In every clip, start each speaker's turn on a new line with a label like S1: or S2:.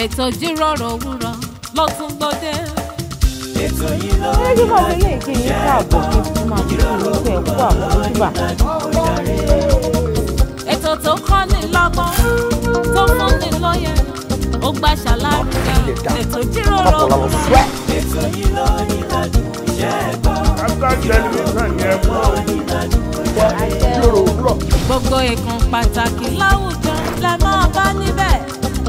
S1: ètò jíròrò òwúrọ̀ ló tún gbòde. ètò yìí ló ń bá ilé ìpín yìí káàbọ̀ kí wọ́n máa ètò tó kọ́ ni lọ́gbọ́n tó fún ni lóye ó gbà ṣàlàyé ètò jíròrò òwúrọ̀. ètò yìí ló ní ìdájọ́ iṣẹ́ gbogbo ìkan pàtàkì láwùjọ lẹ máa bá níbẹ̀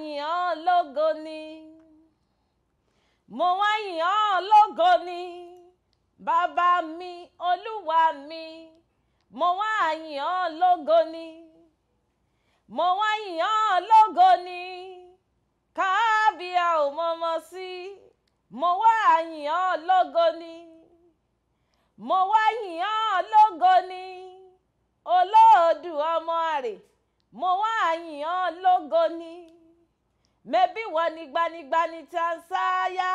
S1: yìn ọ́ lógo ni mo wá yìn ọ́ lógo ni bàbá mi olúwa mi mo wá yìn ọ́ lógo ni mo wá yìn ọ́ lógo ni káábíà ò mọmọ sí mo wá yìn lógo ni mo wá yìn lógo ni olóòdù ọmọ àrè mo wá yìn lógo ni mẹ́bí wọ ni gbanigbani tí a ń sáyá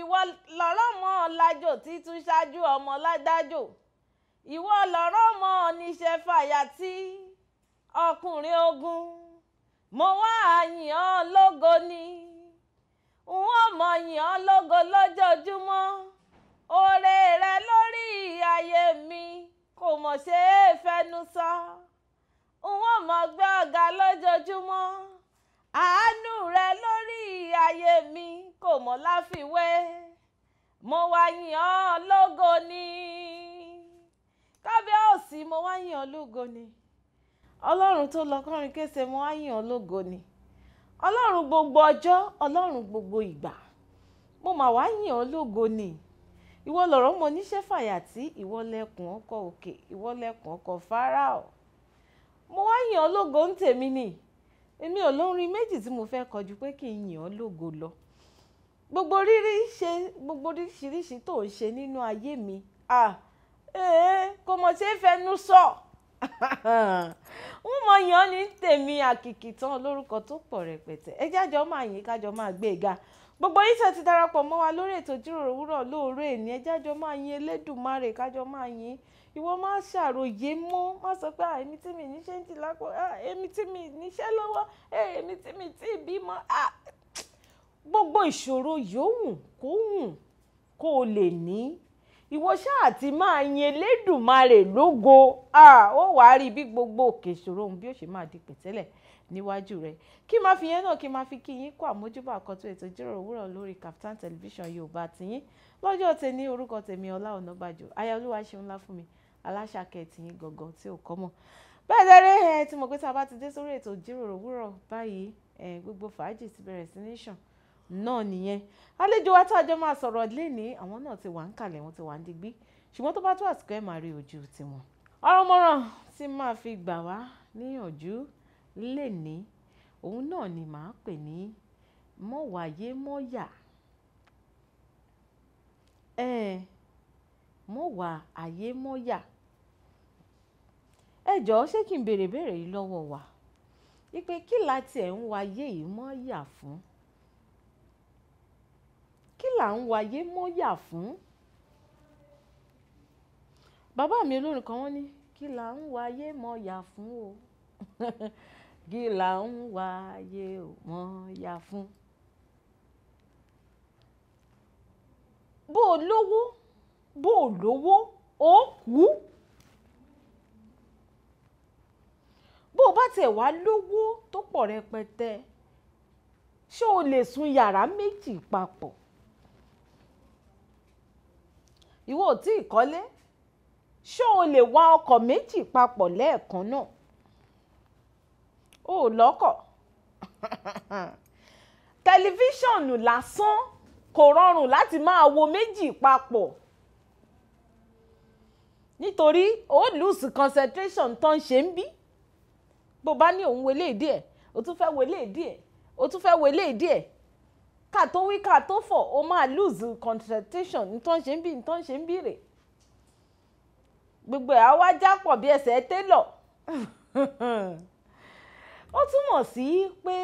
S1: ìwọ lọ́rọ̀ mọ́ ọ lájò títún ṣáájú ọmọ ládájò ìwọ lọ́rọ̀ mọ́ ọ níṣẹ́ fàyàtì ọkùnrin ogun mo wá àyìn ọ́ lógo ni n ó mọ yìn ọ́ lógo lójoojúmọ́ oore rẹ lórí ayé mi kò mọ̀ ṣe é fẹnu sọ n ó mọ gbé ọ̀gá lójoojúmọ́ àánú rẹ lórí ayé mi kò mọ̀ láfiwé mo wá yìn ọ́ lógo ni kábíyèsí mo wá yìn ọ́ lógo ni ọlọ́run tó lọ kọrin kése mo wá yìn ọ́ lógo ni ọlọ́run gbogbo ọjọ́ ọlọ́run gbogbo ìgbà mo mà wá yìn ọ́ lógo ni ìwọ lọ̀rọ̀ mo níṣẹ́ fàyàtì ìwọ lẹ̀kùn ọkọ̀ òkè ìwọ lẹ̀kùn ọkọ̀ fáráò mo wá yìn ọ́ lógo ń tèmi ni èmi ò lórin méjì tí mo fẹ́ kọ ju pé kí n yìn ọ́ lógo lọ gbogbo rírí ṣe gbogbo oríṣiríṣi tó ń ṣe nínú ayé mi ah ee kò mọ̀ ṣe é fẹnu sọ wọ́n mọ yàn ní tèmi àkìkì tán lórúkọ tó pọ̀ rẹpẹtẹ ẹ jájọ máa yìn kájọ máa gbé e ga gbogbo yìí tẹ̀ ti darapọ̀ mọ́ wa lórí ètò ìjíròrò òwúrọ̀ lóore ní ẹ jájọ máa yìn Elédùmarè kájọ máa yìn ìwọ má ṣàròyé mọ́ má sọ pé à èmi tí mi ní ṣe ń jì lápò à èmi tí mi níṣẹ́ lọ́wọ́ èmi tí mi tí ì bímọ à gbogbo ìṣòro yòówù kó wù kó o lè ní ìwọ ṣáà ti máa yin Elédùmarè lógo à ó wàá rí bí gbogbo òkè ìṣòro òun bí ó ṣe máa di pẹ̀tẹ́lẹ̀ níwájú rẹ kí máa fi yẹn náà kí máa fi kí yín kó àmójúbà àkọ́tún ètò ìjíròrò òwúrọ̀ lórí Kaftan television yorùbá tiyín lọ́jọ́ tèmi orúkọ tèmi Ọlá Ọ̀nàbàjọ́ aya olúwa ṣeun ńlá fún mi aláṣàkẹ́ ti yín gangan tí ò kọ́ mọ̀ bẹ́ẹ̀ lẹ́rẹ́ ẹ ti mọ̀ pé tá a bá ti dé sórí ètò ìjíròrò òwúrọ̀ báyìí ẹ gbogbo fàájì ti bẹ̀rẹ̀ sí ní sàn náà nìyẹn àlejò wa tá a jọ máa sọ̀rọ̀ lénìí àwọn náà ti wà ń kalẹ̀ wọn ti wà ń digbí ṣùgbọ́n tó bá tó àsìkò ẹ̀ máa rí ojú tiwọn. ọ̀rọ̀ mọ́ràn tí máa fi gbà wá níyànjú lénìí òun náà ni màá pè ní mọ̀wáyé mọ̀yà mọ̀wá ayé mọ̀yà ẹ jọ̀ọ́ ṣé kí n béèrè béèrè yìí lọ́wọ́ wa wípé kí la tiẹ̀ ń wáyé yìí mọ́ yà fún kí là ń wáyé mọ́ yà fún bàbá mi olórin kan wọ́n ní kí là ń wáyé mọ́ yà fún o kí là ń wáyé mọ́ yà fún bó o lówó bó o lówó ó kú. bó o bá tẹ̀ wá lówó tó pọ̀ rẹpẹtẹ ṣé o lè sun yàrá méjì papọ̀ ìwọ ò tí ì kọ́lé ṣé o lè wa ọkọ̀ méjì papọ̀ lẹ́ẹ̀kan náà o ò lọ́kọ̀ tẹlifíṣọ̀nù lásán kò rọrùn láti máa wo méjì papọ̀ nítorí o lose concentration tó ń ṣe ń bí bó bá ní òun wọlé díẹ̀ o tún fẹ́ wọlé díẹ̀ o tún fẹ́ wọlé díẹ̀ ká tó wí ká tó fọ̀ o máa lose concentration nítorí ṣe ń bí nítorí ṣe ń bí rè gbogbo ẹ̀ á wá já pọ̀ bí ẹsẹ̀ télọ̀ ó túmọ̀ sí pé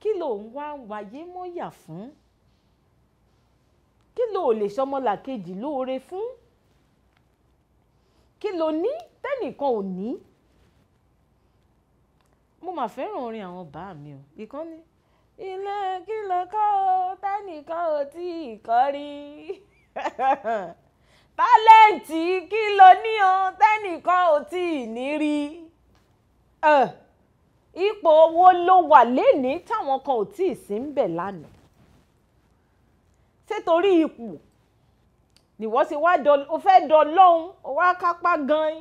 S1: kí ló ń wá wáyé mọ́yà fún kí ló ò lè sọmọlàkejì lóore fún kí ló ní tẹ́nìkan ò ní mo mà fẹ́ràn orin àwọn bá mi o ìkan ni. ilé kìlọ̀ kọ́ o tẹ́nìkan ò tí ì kọ́ rí tálẹ́ǹtì kìlọ̀ ní o tẹ́nìkan ò tí ì ní rí eh, ipò owó ló wà lénìí táwọn kan ò tí ì sí ń bẹ̀ lánàá ṣé torí ipò nìwọ ṣe wá o fẹ́ dọ̀ lọ́hùn o wá kápá gan-an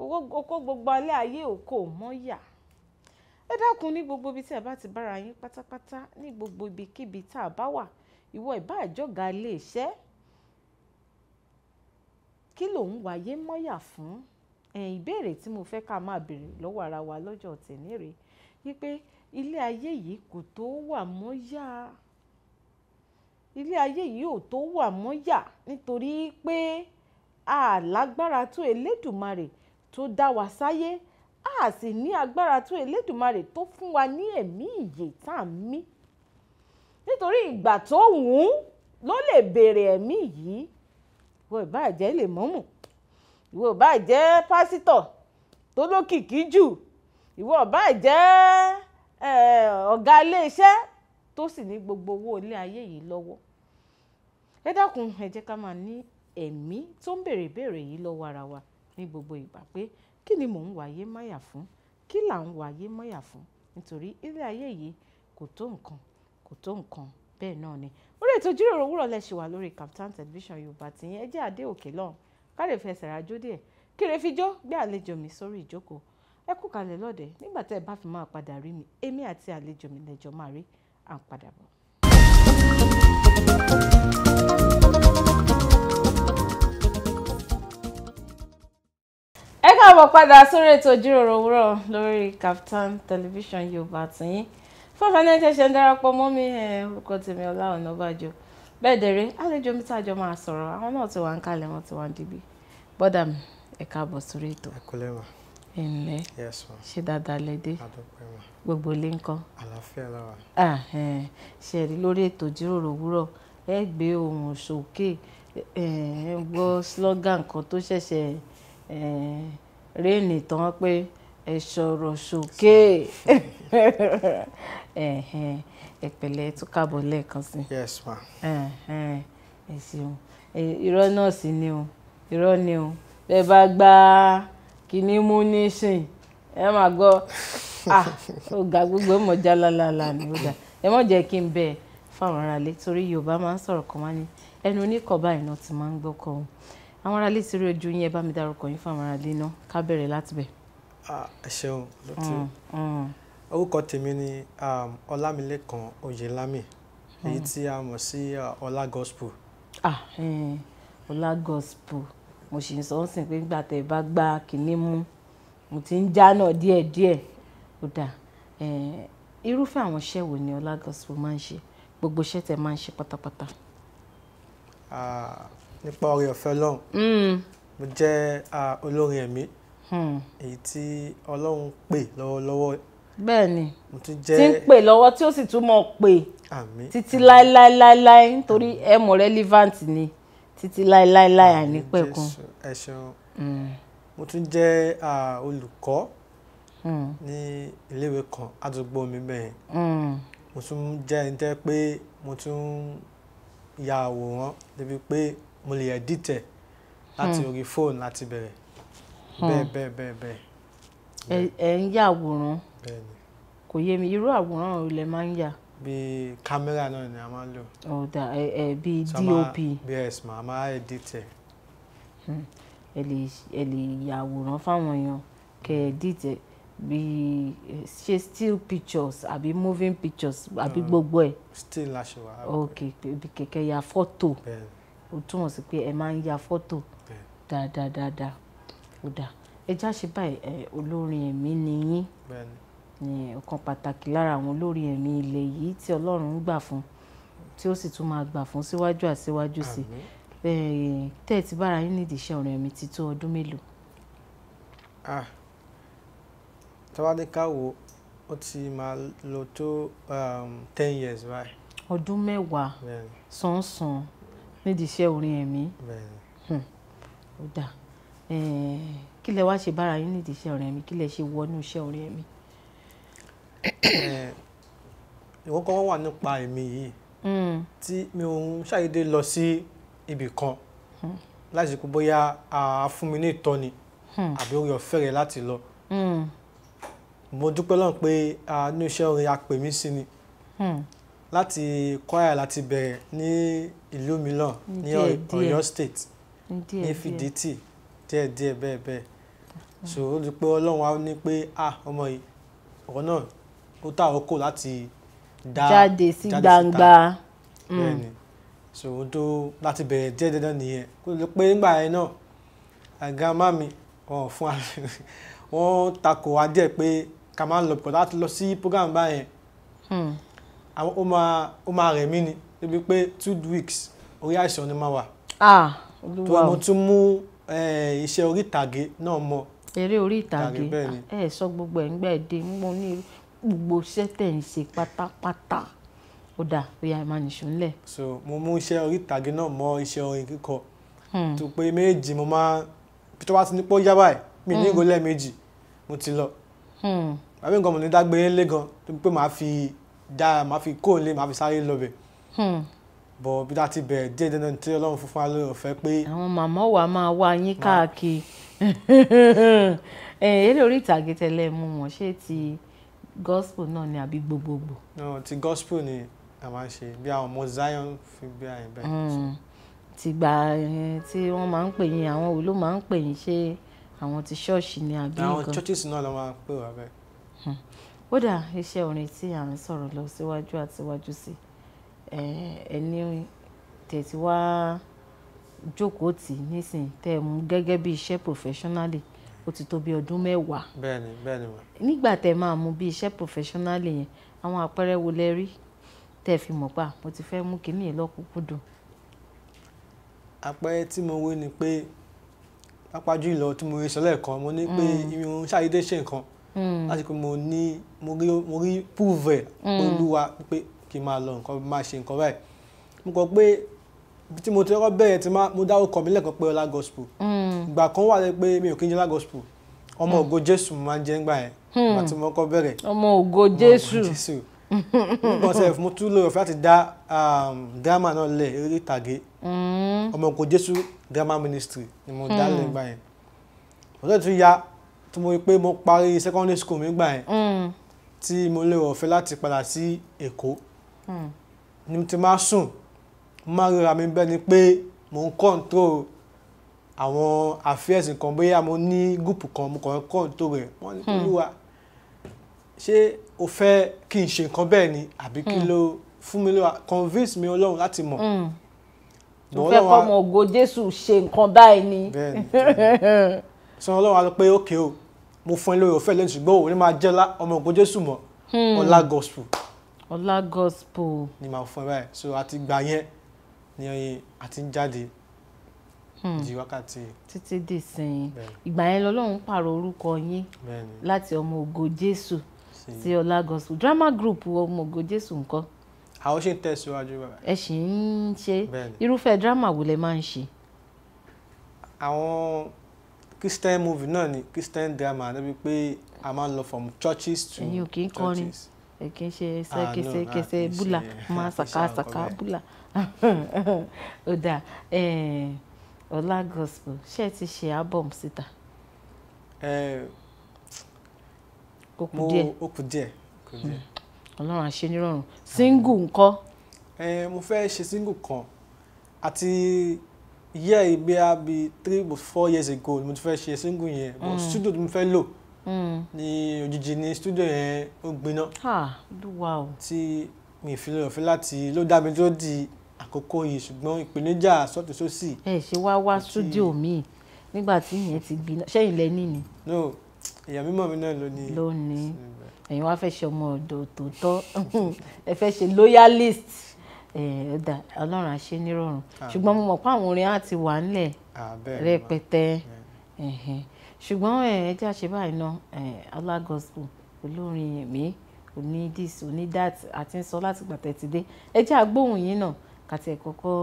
S1: okó gbogbo alẹ́ ayé òkò mọ́yà ẹ dákun ní gbogbo ibi tí ẹ bá ti bára yín pátápátá ní gbogbo ibikíbi tá a bá wà ìwọ ìbá àjọga ilé iṣẹ́ kí lòun wáyé mọ́yà fún ẹ̀yìn ìbéèrè tí mo fẹ́ ká máa béèrè lọ́wọ́ ara wa lọ́jọ́ tẹ̀lé rèé wípé ilé ayé yìí kò tó wà mọ́yà ilé ayé yìí ò tó wà mọ́yà nítorí pé a tó Elédùmarè tó dá wa sáyé a sì ní agbára tó Elédùmarè tó fún wa ní ẹ̀mí ìyè tá à ń mí nítorí ìgbà tó wù ú ló lè béèrè ẹ̀mí yìí ìwọ ìbá jẹ́ lè mọ́mù ìwọ ìbá jẹ́ pásítọ̀ tó lókìkí jù ìwọ ìbá jẹ́ ọ̀gá iléeṣẹ́ tó sì ní gbogbo owó ilé ayé yìí lọ́wọ́ ẹ dákun ẹ jẹ́ ká máa ní ẹ̀mí tó ń béèrè béèrè yìí lọ́wọ́ ara wa ní gbogbo ìgbà pé kí ni mò ń wáyé máyà fún kí là ń wáyé máyà fún nítorí ilé ayé yìí kò tó nǹkan kò tó nǹkan bẹ́ẹ̀ náà ni orí ètò ìjíròrò òwúrọ̀ lẹ ṣì wà lórí Kaftan television yorùbá tìyẹn ẹ jẹ́ àdé òkè lọ́hùn káre fẹsẹ̀ rajó díẹ̀ kéré fijó gbé àlejò mi sórí ìjókòó ẹ kú kalẹ̀ lọ́dẹ nígbà tẹ́ ẹ bá fi máa padà rí mi èmi àti àlejò mi lẹ́jọ́ máa rí à ń padà bọ̀. káàbọ̀ padà sórí ètò ìjíròrò òwúrọ̀ lórí Kaftan television yorùbá tìyín fọfẹnẹ tẹsẹ ń darapọ̀ mọ́ mi orúkọ tèmi Ọlá Ọ̀nàbàjọ bẹ́ẹ̀ dẹ̀rẹ̀ àlejò mi tàjọ máa sọ̀rọ̀ àwọn náà ti wà ń kalẹ̀ wọn ti wà ń dìbì bọ́dà mi ẹ káàbọ̀ sórí ètò ẹnlẹ ṣe dáadáa lẹdẹ gbogbo ilé ńkọ́ ṣe rí lórí ètò ìjíròrò òwúrọ̀ ẹ gbé ohùn sókè ẹ gbọ́ slogan kan tó ṣẹ̀ṣẹ̀ réènì tán pé ẹ sọ̀rọ̀ sókè ẹ pẹ̀lẹ́ tún káàbọ̀ lẹ́ẹ̀kan sí. yes ma. ẹ ṣeun irọ́ náà sì ni o irọ́ ni o ẹ bá gba kìíní mú nísìn ẹ máa gbọ́ ah, ga gbogbo ẹ̀ mọ̀ jálálálá ni ó dà ẹ mọ̀ jẹ́ kí n bẹ̀ fáwọn aráalé torí Yorùbá máa ń sọ̀rọ̀ kan wá ní ẹnu oníkọ̀ báyìí ti máa ń gbọ́kọ̀ o. àwọn aráalé ti rí ojú yín ẹ bá mi dárúkọ yín fún àwọn aráalé náà ká bẹ̀rẹ̀ láti bẹ̀. ẹ ṣeun lọ́tí mm, mm.
S2: orúkọ tèmi ni um, ọlámilẹ́kan oyèlámì èyí mm. tí a mọ̀
S1: sí uh, ọlá gospel. ọlá gospel mo sì ń sọ ọ́ sìn pé nígbà tẹ́ ẹ bá gbá kinní mú mo ti ń já náà díẹ̀díẹ̀ ó dà irúfẹ́ àwọn iṣẹ́ wo ni ọlá gospel máa ń ṣe gbogbo iṣẹ́ tẹ́ máa ń ṣe pátápátá
S2: nípa oore ọ̀fẹ́ ọlọ́run hmm. mo jẹ́ olórin ẹ̀mí hmm. èyí tí ọlọ́run pè lọ́wọ́lọ́wọ́ bẹ́ẹ̀ ni mo tún jẹ́ tí ń
S1: pè lọ́wọ́ tí ó sì tún mọ̀ pé títí láéláéláé nítorí ẹ̀mọ̀ relevant ni títí láéláéláé àìnípẹ̀kun. ẹ ṣeun hmm.
S2: mo tún jẹ́ olùkọ́ ní iléèwé kan àdúgbò mi bẹ́ẹ̀ mo tún jẹ́ ẹni tẹ́ pé mo tún ya àwòrán débi pé mo lè edit ẹ̀ láti hmm. orí fóònù láti bẹ̀rẹ̀ hmm. bẹ́ẹ̀ bẹ́ẹ̀ bẹ́ẹ̀
S1: bẹ́ẹ̀. ẹ ń yà àwòrán kò yé mi irú àwòrán ò lè máa ń yà. bí kámẹ́rà náà ni a máa ń lò. ọ̀dà ẹ ẹ bí dop.
S2: yes ma a máa edit ẹ.
S1: Hmm. ẹ lè ẹ lè yà àwòrán fáwọn èèyàn kẹ edit bí ṣe still pictures àbí moving pictures àbí gbogbo ẹ. still la ṣe wà. ok kẹkẹ ya fọ́tò. bẹ́ẹ̀ni ó túmọ̀ sí pé ẹ máa ń ya fọ́tò dáadáa dáadáa ó dáa ẹ já ṣe báyìí ẹ olórin ẹ̀mí ni yín ọ̀kan pàtàkì lára àwọn olórin ẹ̀mí ilẹ̀ yìí tí Ọlọ́run gbà fún tí ó sì tún máa gbà fún síwájú àsíwájú sí tẹ́ ẹ ti bára yín nídìí iṣẹ́ orin ẹ̀mí ti tó ọdún mélòó.
S2: tọ́wádéká wo ó ti máa lò tó um, ten years báyìí.
S1: ọdún mẹ́wàá sánsan nídìí iṣẹ́ orin ẹ̀mí hmm, ó dà eh, kí lẹ wá ṣe bára yín nídìí iṣẹ́ orin ẹ̀mí kí lẹ ṣe wọnú iṣẹ́ orin ẹ̀mí.
S2: Eh, ìwọ́n kan wà nípa ẹ̀mí yìí
S1: hmm. tí
S2: mi ò ń ṣàyédè lọ sí ibì kan hmm. láti kú bóyá a fún mi ní ìtọ́ni àbí orí ọ̀fẹ́ rẹ̀ láti lọ mo dúpẹ́ lọ́n pé inú iṣẹ́ orin a sí ni láti kwaya láti bẹ̀rẹ̀ ní ìlú mìíràn ní Ọ̀yọ́ state ní fìdítì díẹ̀díẹ̀ bẹ́ẹ̀ bẹ́ẹ̀ so ó di pé ọlọ́run á ní pé ah ọmọ yìí ọ̀rọ̀ náà ó tà ó kò láti dá jáde sí gbangba mm. so ó tó láti bẹ̀rẹ̀ díẹ̀díẹ̀ náà nìyẹn kó lè pé nígbà yẹn náà àga mami wọn fún wa wọn takò wá díẹ̀ pé ká máa lọ pọ̀ láti lọ sí program báyẹn. Hmm ó máa ó máa rẹ̀ mí ni débi pé two weeks orí àìsàn ni máa wà. tó mo tún mú iṣẹ́ orí ìtàgé náà mọ́.
S1: eré orí ìtàgé ẹ sọ gbogbo ẹ̀ ń gbẹ́ dé mo ní gbogbo iṣẹ́ tẹ̀ ṣe pátápátá ó dà bóyá ẹ máa
S2: so mo mú iṣẹ́ orí ìtàgé náà mọ́ iṣẹ́ orin kíkọ hmm. tó pé méjì mo máa tó bá ti ní pọ́ yá báyìí mi ní hmm. ìgò lẹ́ẹ̀mejì mo ti lọ. Hmm. àbí nǹkan mo ní dágbére lé gan tó pé màá fi dára máa fi kó lé máa fi sáré lọ bẹ̀ hmm. bọ̀ bí dá ti bẹ̀rẹ̀ díẹ̀ dandan tí ọlọ́run fún fún alóore ọ̀fẹ́ pé.
S1: àwọn màmá wa máa wá yín káàkiri eh, eré orí ìtàgé tẹ́lẹ̀ mú wọn ṣé ti gospel náà ni àbí gbogbogbò.
S2: ti gospel ni a máa ń ṣe bí àwọn ọmọ Zion fi gbé àyè bẹ́ẹ̀. Hmm.
S1: ti gba tí wọ́n máa ń pè yín àwọn wo ló máa ń pè yín ṣé àwọn ti ṣọ́ọ̀ṣì ni àbí nǹkan. àwọn
S2: churches náà ló máa ń pè wá bẹ́ẹ̀
S1: kódà iṣẹ́ orin tí à ń sọ̀rọ̀ lọ síwájú àti wájú sí ẹni tẹ̀tí wá jókòó tì nísìn tẹ́ ẹ mú gẹ́gẹ́ bí iṣẹ́ professionally ó ti tó bí ọdún mẹ́wàá.
S2: bẹ́ẹ̀ni bẹ́ẹ̀ni wa.
S1: nígbà tẹ́ máa mú bí iṣẹ́ professionally yẹn àwọn àpẹẹrẹ wo lẹ rí tẹ́ fi mọ̀ pa mo ti fẹ́ mú kínní lọ́kùnkúndùn.
S2: àpẹẹrẹ tí mo wé ni pé pápá jùlọ tí mo rí sọ lẹ́ẹ̀kan mo ní pé ìrìn mm. ṣàdédé ṣe nǹkan. Mm Hmm. láti pé mo ní mo rí mo rí púùvù ẹ̀ hmm. olúwa pé kí n máa lọ nǹkan máa ṣe nǹkan báyìí mo kọ pé tí mo ti kọ́kọ́ bẹ̀rẹ̀ tí mo dáwọ́ kọ̀ mí lẹ́ẹ̀kan pé ọlá gospel hmm. ìgbà kan wà pé mi ò kí n jẹ́ ọlá gospel ọmọ ògo jésù máa ń jẹ́ ńgbà yẹn ìgbà tí mo kọ́ bẹ̀rẹ̀
S1: ọmọ ògo jésù nǹkan
S2: sẹ́f mo tún lóore ọ̀fẹ́ láti dá um, drama náà lẹ̀ eré ìtàgé ọmọ ògo jésù drama ministry ni mo dá lẹ́gbà yẹn ọ̀dọ́ tún tó mo rí pé mo parí secondary school mi gbà yẹn mm. tí mo lè rọ̀fẹ́ láti padà sí Èkó mm. ni mo ti máa sùn máa ríra mi bẹ́ẹ̀ ni pé mo ń control àwọn affairs nǹkan bóyá mo ní gúùpù kan mo kàn ń control rẹ̀ wọ́n ní hmm. olúwa ṣé o fẹ́ kí n ṣe nǹkan bẹ́ẹ̀ ni àbí kí hmm. ló fún mi lóra convince mi ọlọ́run láti mọ̀ hmm. mo fẹ́ kọ́ ọmọ
S1: ògo Jésù ṣe nǹkan báyìí ni.
S2: sọ ọlọ́run á lọ pé ókè o mo fún ẹ lórí òfẹ́ lẹ́nu ṣùgbọ́n òun ni máa jẹ́ ọmọ ògo jésù mọ́ hmm. ọlá gospel. ọlá gospel. ni màá fún ẹ báyìí so àti gbà yẹn ni àti ń jáde hmm. di wákàtí.
S1: títí di sìn ìgbà yẹn lọ́lọ́run pààrọ̀ orúkọ yín láti ọmọ ògo jésù sí ọlá gospel drama group ọmọ ògo jésù ńkọ́.
S2: àwọn ṣe ń tẹ̀síwájú bàbá.
S1: ẹ sì ń ṣe irúfẹ́ drama wo lẹ máa ń ṣe.
S2: àwọn christian movie náà ni christian drama níbi pé a máa ń lọ from churches to churches. èyí ò kì í kọrin
S1: èkì ń ṣe ah, ṣẹkẹsẹkẹsẹ búlà máa ṣàkàṣàkà búlà ó dà ọlá gospel ṣé ẹ ti ṣe album síta. ó kù díẹ̀ ó kù díẹ̀ hmm. ọlọ́run àṣẹ nírọ̀rùn single ńkọ́. mo fẹ́ ṣe
S2: single kan àti yeah ibi a bi three or four years ago ni mo ti fẹ́ ṣe single yẹn but mm. studio tí mo fẹ́ lò mm. ní òjijì ní studio yẹn ó gbiná tí mi fi lè fi láti ló dá mi tó di àkókò yìí ṣùgbọ́n ìpèníjà sọ́tún sósì.
S1: ẹ ṣe wá wá studio mi nígbà tí ìyẹn ti gbiná ṣẹ́yìn lẹ́ni ni. no ìyá mímọ́ mi náà ló ní. ló ní ẹ̀yin wá fẹ́ ṣe ọmọ ọ̀dọ̀ tó tọ́ ẹ fẹ́ ṣe loyalist ẹ̀ẹ́dà ọlọ́run á ṣe nírọ̀rùn ṣùgbọ́n mo mọ̀ pé àwọn orin á ti wà ńlẹ̀ rẹpẹtẹ ṣùgbọ́n ẹ̀ẹ́dà ṣe báyìí ná olórin ẹ̀mí oní this oní that àti ń sọ láti gbàtẹ́ ti dé ẹjẹ́ àgbóhùn yín náà kàtí ẹ̀ kọ́kọ́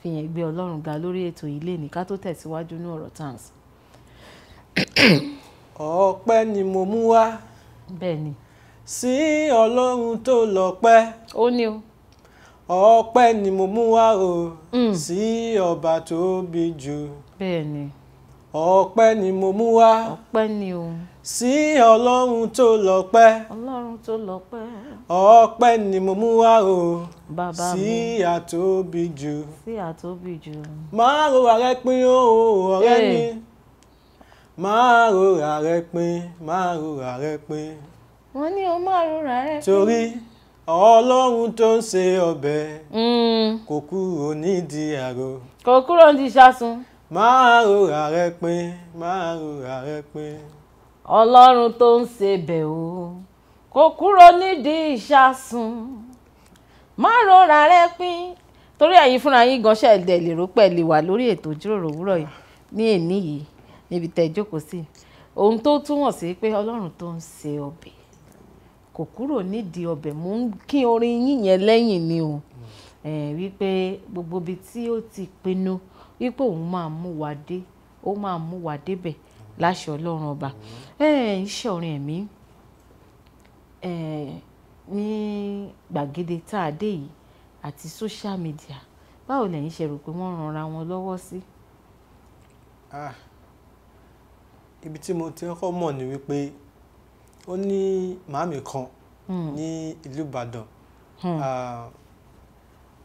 S1: fi yẹn gbé ọlọ́run ga lórí ètò ilé ní ká tó tẹ̀síwájú ní ọ̀rọ̀ tans. ọpẹ́ ni mo mú wá. bẹ́ẹ̀ ni.
S2: sí ọlọ́run tó lọ́pẹ́. ó ní o ọpẹ́ ni mo mú wá o mm. sí ọba tó bí jù bẹ́ẹ̀ni ọpẹ́ ni mo mú wá ọpẹ́ ni o sí ọlọ́run tó lọ́pẹ́
S1: ọlọ́run tó lọ́pẹ́
S2: ọpẹ́ ni mo mú wá o bàbá mi sí àtóbi jù
S1: sí àtóbi jù
S2: máa ro ààrẹ pin o ọ̀rẹ́ mi eh. máa ro ààrẹ pin máa ro ààrẹ pin
S1: wọ́n ní o máa ro ààrẹ pin torí.
S2: ọlọ́run tó ń ṣe ọbẹ̀ hmm. kò kúrò nídìí àrò.
S1: kò kúrò nídìí ṣásun.
S2: máa rora rẹ pin
S1: máa rora rẹ pin. ọlọ́run tó ń ṣe bẹ̀ o kò kúrò nídìí ìṣàsùn máa rora rẹ pin torí ẹ̀yin fúnra yín gan ṣẹ̀dẹ̀ lérò pẹ̀lú wà lórí ètò ìjíròrò òwúrọ̀ yìí ní èní yìí níbi tẹ̀ jókòó sí ohun tó túmọ̀ sí pé ọlọ́run tó ń ṣe ọbẹ̀ kò kúrò nídìí ọbẹ̀ mò ń kí orin yíyẹn lẹ́yìn ni o wípé gbogbo ibi tí ó ti pinnu wípé òun máa mú wa dé ó máa mú wa débẹ̀ láṣẹ ọlọ́run ọba iṣẹ́ orin ẹ̀mí ní gbàgede tá yìí àti social media báwo lẹ́yìn ṣe rò pé wọ́n ranra wọn lọ́wọ́ sí. Ah,
S2: ibi tí mo ti kọ́kọ́ mọ̀ ni wípé ó ní màámi kan Hmm. ní ìlú Ìbàdàn hmm. ah,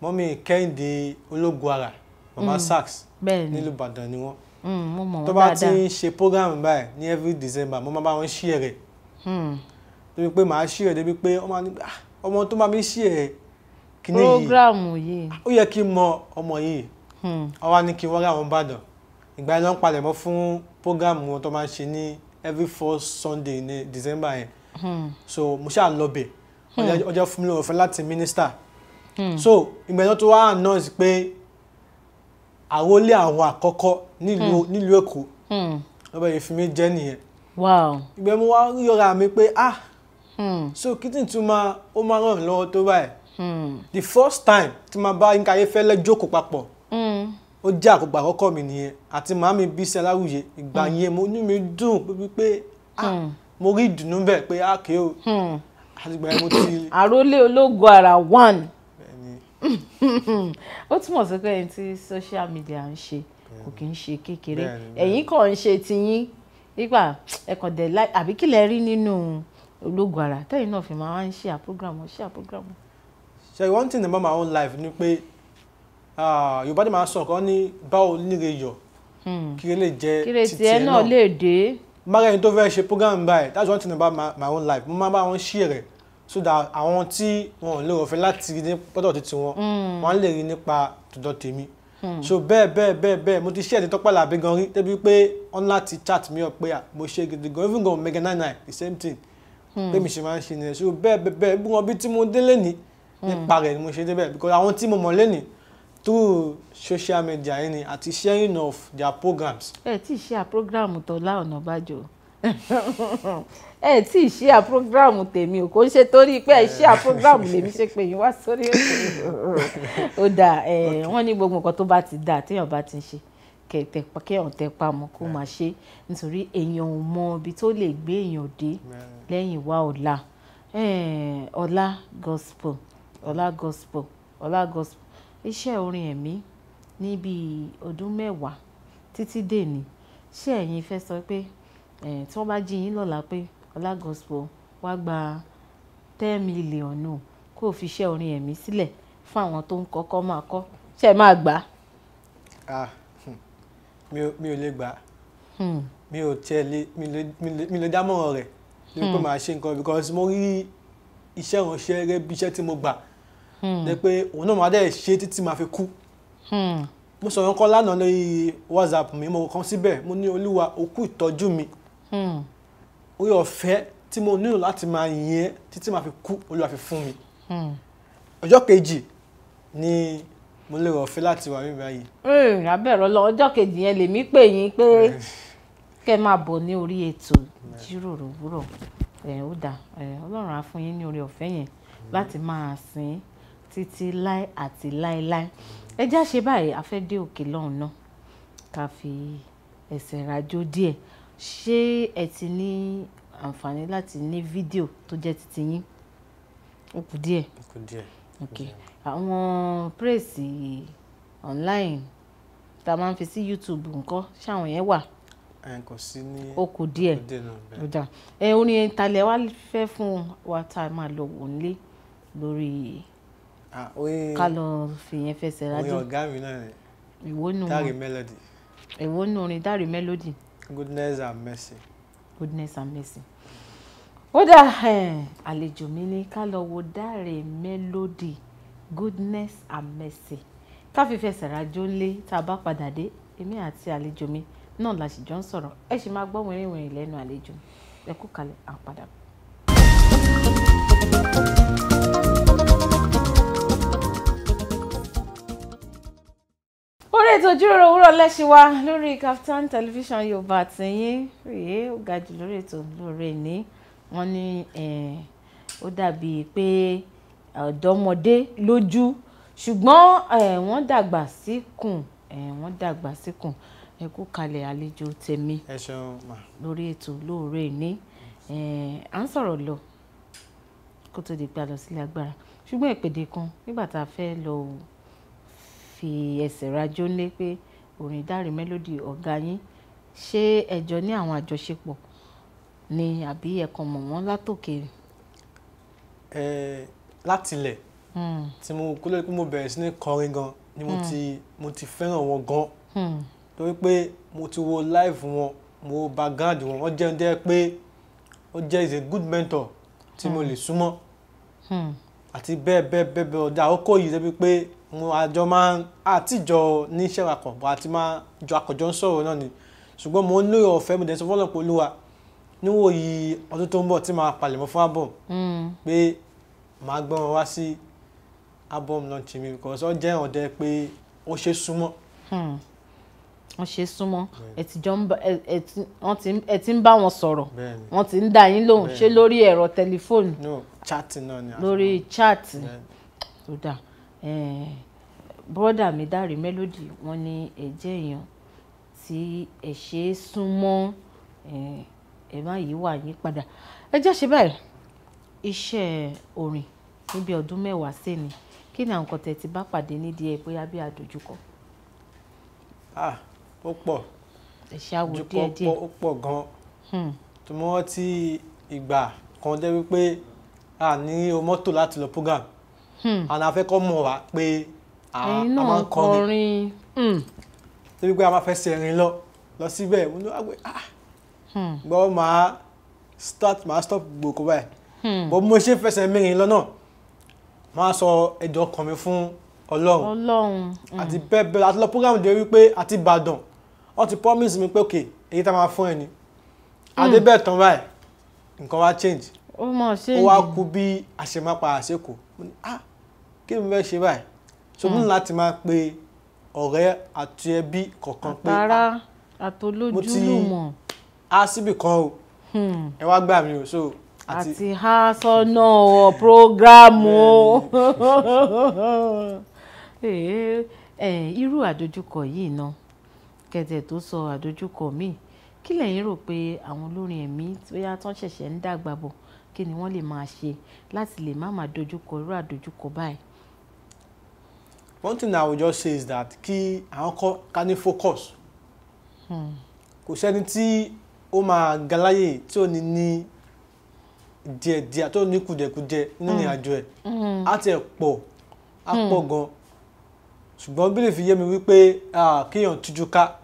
S2: mọ́mí Kẹ́hìndé ológun ara mama hmm. Sachs nílùú Ìbàdàn ni wọ́n tó bá ti ń ṣe program báyìí ní every December mo máa bá wọn ṣí ẹ̀rẹ̀ débi pé màá ṣí ẹ̀rẹ̀ débi pé ah, ọmọ tó máa mi ṣí ẹ̀rẹ̀ kíní yìí
S1: program yìí ah, ó yẹ kí
S2: n mọ ọmọ yìí ó wá ní kí n wá ráwọn Ìbàdàn ìgbà yẹn ló ń palẹ̀mọ́ fún program wọn tó máa ń ṣe ní every fourth Sunday ní December yẹn so mo ṣáà lọ bẹ̀ ọjọ́ hmm. fún mi lọ́wọ́ fẹ́ láti mínísítà hmm. so ìgbẹ́jọ́ tó wá announce pé àwọlé àwọn àkọ́kọ́ nílùú hmm. èkó lọ́bẹ̀ yìí fi mí jẹ́ nìyẹn ìgbẹ́ mo wá yọra mi pé ah so kìtìn tún máa ó máa ràn lọ́wọ́ tó báyìí the first time tí màá bá Yínká Ayéfẹ́lẹ́ jókòó papọ̀ ó jẹ́ àkókò àkọ́kọ́ mi nìyẹn àti màámi Bísí Aláwìyé ìgbà yẹn mo inú mi dùn pé ah. Mm mo rí ìdùnnú bẹ́ẹ̀ pé a ah, o hmm.
S1: àtìgbà yẹn mo ti. àròlé ológo ara one ó túmọ̀ sí pé ẹni tí social media ń ṣe kò kì í ṣe kékeré ẹ̀yin kàn ń ṣe tiyín nígbà ẹ̀kọ́ dẹ̀ láì àbí kí lẹ rí nínú ológo ara tẹ́yìn náà fi máa ń ṣe àpógrámù ṣe àpógrámù.
S2: ṣe one thing about my own life ni pé ah, yorùbá dẹ̀ máa sọ ọ̀kan ní báwo níre yọ̀ hmm. kí lè jẹ́ títí ẹ̀ náà. kí lè tiẹ̀ náà lè dé mara ẹni tó fẹ́ ṣe program báyìí that's one thing about my, my own life mo máa bá wọn share rẹ̀ so that àwọn tí wọn ò lè rọ̀fẹ́ láti rí ní pọ́tọ̀ títí wọn hmm. wọn lè rí nípa tọ̀dọ̀ tèmi hmm. so bẹ́ẹ̀ bẹ́ẹ̀ bẹ́ẹ̀ bẹ́ẹ̀ mo ti share ní Tọ́pẹ́ Àlàbí gan rí débi pé wọ́n láti chat mi up pé mo ṣe gidi gan even gan mega nine nine the same thing pé hmm. mi ṣe máa ń ṣe nìyẹn so bẹ́ẹ̀ bẹ́ẹ̀ bẹ́ẹ̀ bí wọ́n bí tí mo délé ní nípa rẹ̀ ni mo ṣe débẹ̀ because àwọn tí mo mọ̀ lé through social media any ni sharing of their programs.
S1: ẹ tí ì ṣe àpọ́gíráàmù Tọ́lá Ọ̀nàbàjọ́ ẹ tí ì ṣe àpọ́gíráàmù tèmi ò kò ń ṣe torí pé ẹ ṣe àpọ́gíráàmù lèmi ṣe pé yín wá sórí ètò ó dà ẹ wọ́n ní gbogbo nǹkan tó bá ti dà téèyàn bá ti ń ṣe kéèyàn tẹ pamọ́ kó máa ṣe nítorí èèyàn ò mọ ibi tó lè gbé èèyàn dé lẹ́yìn wá ọ̀la ọ̀la gospel ọ̀la gospel ọ̀la gospel iṣẹ́ orin ẹ̀mí ní bíi ọdún mẹ́wàá títí dèní ṣé ẹ̀yin fẹ́ sọ pé tí wọ́n bá jí yín lọ́la pé Ọlá Gospel wá gba ten million nù kó o fi iṣẹ́ orin ẹ̀mí sílẹ̀ fún àwọn tó ń kọ́kọ́ máa kọ́ ṣe máa gbà.
S2: Ah, hmm. mi ò lè gbà hmm. mi ò tiẹ̀ lè mi lè dámọ̀ràn rẹ̀ wípé hmm. màá ṣe nǹkan because mo rí iṣẹ́ ìránṣẹ́ gẹ́gẹ́ bí iṣẹ́ tí mo gbà ní hmm. pé òun náà máa dẹ̀ ṣe títí máa fi kú hmm. mo sọ̀rọ̀ nǹkan lánàá lórí whatsapp mi mo kàn síbẹ̀ mo ní olúwa o kú ìtọ́jú mi hmm. orí ọ̀fẹ́ tí mo nílò láti máa yìn ẹ́ títí máa fi kú olúwa fi fún mi ọjọ́ kejì ni mo lè rọ̀fẹ́ láti wà níbi ayé.
S1: abẹ́rẹ́ lọ ọjọ́ kejì yẹn lèmi pè yín pé kẹ́ máa bọ̀ ní orí ètò ìjíròrò òwúrọ̀ ó dà ọlọ́run á fún yín ní orí ọ̀fẹ́ yẹn láti máa sìn ín títí láé àti láéláé ẹ já ṣe báyìí a fẹ́ dé òkè lọ́hùn náà ká fi ẹsẹ̀ rajó díẹ̀ ṣé ẹ ti ní àǹfààní láti ní fídíò tó jẹ́ titi yín ó díẹ̀ ó díẹ̀ ok àwọn praise online tá a máa ń fi sí YouTube nǹkan ṣáwọn yẹn wà kò sí ní ó kù díẹ̀ ó dà ẹ orin ìtàlẹ̀ wa fẹ́ fún wa tá máa lọ wò nílé lórí ká lọ melody. èwo nù melody. goodness and mercy. goodness and mercy. ó dà àlejò mi ní ká lọ wo dáre melody goodness and mercy ká fi fẹsẹ̀ rájò ńlé tá a bá padà dé èmi àti àlejò mi náà la sì jọ ń sọ̀rọ̀ ẹ sì máa gbọ́ wìnrìnwìnrìn lẹ́nu àlejò ẹ kú kalẹ̀ àpadà. thank you ètò ìjíròrò òwúrọ̀ lẹ́sìn lórí Kaftan television yorùbá àtẹ̀yìn rèé ó ga jù lórí ètò lórí ní wọ́n ní ó dàbí pé ọ̀dọ́mọdé lójú ṣùgbọ́n wọ́n dàgbà síkùn wọ́n dàgbà síkùn ẹ kú kalẹ̀ àlejò tèmi lórí ètò lóore ní à ń sọ̀rọ̀ lọ kó tó di pé a lọ sílé agbára ṣùgbọ́n ìpèdè kan nígbà tá a fẹ́ lọ fi ẹsẹ̀ rajó lé pé orin Dáre Melody ọ̀gá yín ṣé ẹjọ́ ní àwọn àjọṣepọ̀ ni àbí ẹ̀kan mọ̀ wọ́n látòkè.
S2: ẹ látilẹ̀ hmm. tí mo kó lórí pé mo bẹ̀rẹ̀ sí ní kọrin gan ni mo hmm. ti mo ti fẹ́ràn wọn gan hmm. torí pé mo ti wo live wọn mo background wọn wọ́n jẹ́ ń pé ó jẹ́ is a good mentor tí mo lè súnmọ́ àti bẹ́ẹ̀ bẹ́ẹ̀ bẹ́ẹ̀ bẹ́ẹ̀ ọ̀dà àkókò yìí débi pé mo àjọ máa àtijọ́ níṣẹ́ wa kàn bọ́ àti máa jọ àkànjọ́ ń sọ̀rọ̀ náà ni ṣùgbọ́n mo ń lóye ọ̀fẹ́ mo dẹ̀ sọ fọ́lọ́ pé olúwa níwò yìí ọdún tó ń bọ̀ tí màá palẹ̀mọ́ fún album hmm. pé màá gbọ́n wọn wá sí album launch mi because ó jẹ́ ọ̀dẹ pé
S1: ó ṣe súnmọ́ hmm. wọ́n ṣe súnmọ́ ẹ̀tìjọ́ ẹ ti ń bá wọn sọ̀rọ̀ wọ́n ti ń dá yín lóhùn ṣé lórí ẹ̀rọ tẹlifóònù lórí chaati tó dáa Eh, bọ́dà mi Dáre Melody wọ́n ní ẹ jẹ́ èèyàn tí ẹ ṣe é sún mọ́ eh, ẹ má yí wà yín padà ẹ jẹ́ ṣe báyìí iṣẹ́ orin níbi ọdún mẹ́wàá sí ni kí ni àwọn nǹkan ti bá pàdé nídìí ẹ bóyá bí àdójúkọ.
S2: ah ó pọ̀ ju pọ̀ pọ̀ ó pọ̀ gan-an hmm. tó mọ́ tí ìgbà kan jẹ́ wípé a ní mọ́tò láti lọ program àwọn hmm. afẹ́ kọ́ mọ̀ wá pé a máa ń kọrin torí hmm. pé a máa fẹ́ sẹ́rin lọ lọ síbẹ̀ mo ní wá ah hmm. gbọ́ máa start máa stop gbogbo
S1: báyìí bó
S2: mo ṣe fẹsẹ̀ mẹ́rin lọ́nà máa sọ ẹ̀dùn ọkàn mi fún ọlọ́run àti bẹ́ẹ̀ àti lọ program dé wípé àti ìbàdàn wọ́n ti promise mi pé ok èyí tá a máa fún ẹ ni adébẹ̀tàn báyìí nǹkan wá change
S1: ó wá
S2: kú bí a àṣekò ah kí n fẹ́ ṣe báyìí ṣùgbọ́n hmm. láti máa pe ọ̀rẹ́ àti ẹbí kọ̀ọ̀kan pé
S1: àtàrà ah, àtolójúlùmọ̀ á síbì kan o hmm. ẹ wá gbà mí o so àti há sọ́nà ọ̀ prógrámù o irú àdójúkọ yìí náà kẹtẹ tó sọ àdójúkọ míì kí lẹ̀yin rò pé àwọn olórin ẹ̀mí bóyá tán ṣẹ̀ṣẹ̀ ń dàgbà bọ̀ kí ni wọ́n lè máa ṣe láti lè má máa dojúkọ irú àdójúkọ báyìí
S2: one thing i will just say is that kí àwọn kọ́ ká ní focus hmm. kò sẹ́ni tí ó máa galáyè tí ò ní ní díẹ̀díẹ̀ tó ní kùdẹ̀kùdẹ̀ nínú hmm. àjọ ẹ̀ á hmm. ti ẹ̀ pọ̀ á pọ̀ gan ṣùgbọ́n bí lè fi yé mi wípé kéèyàn tújú ká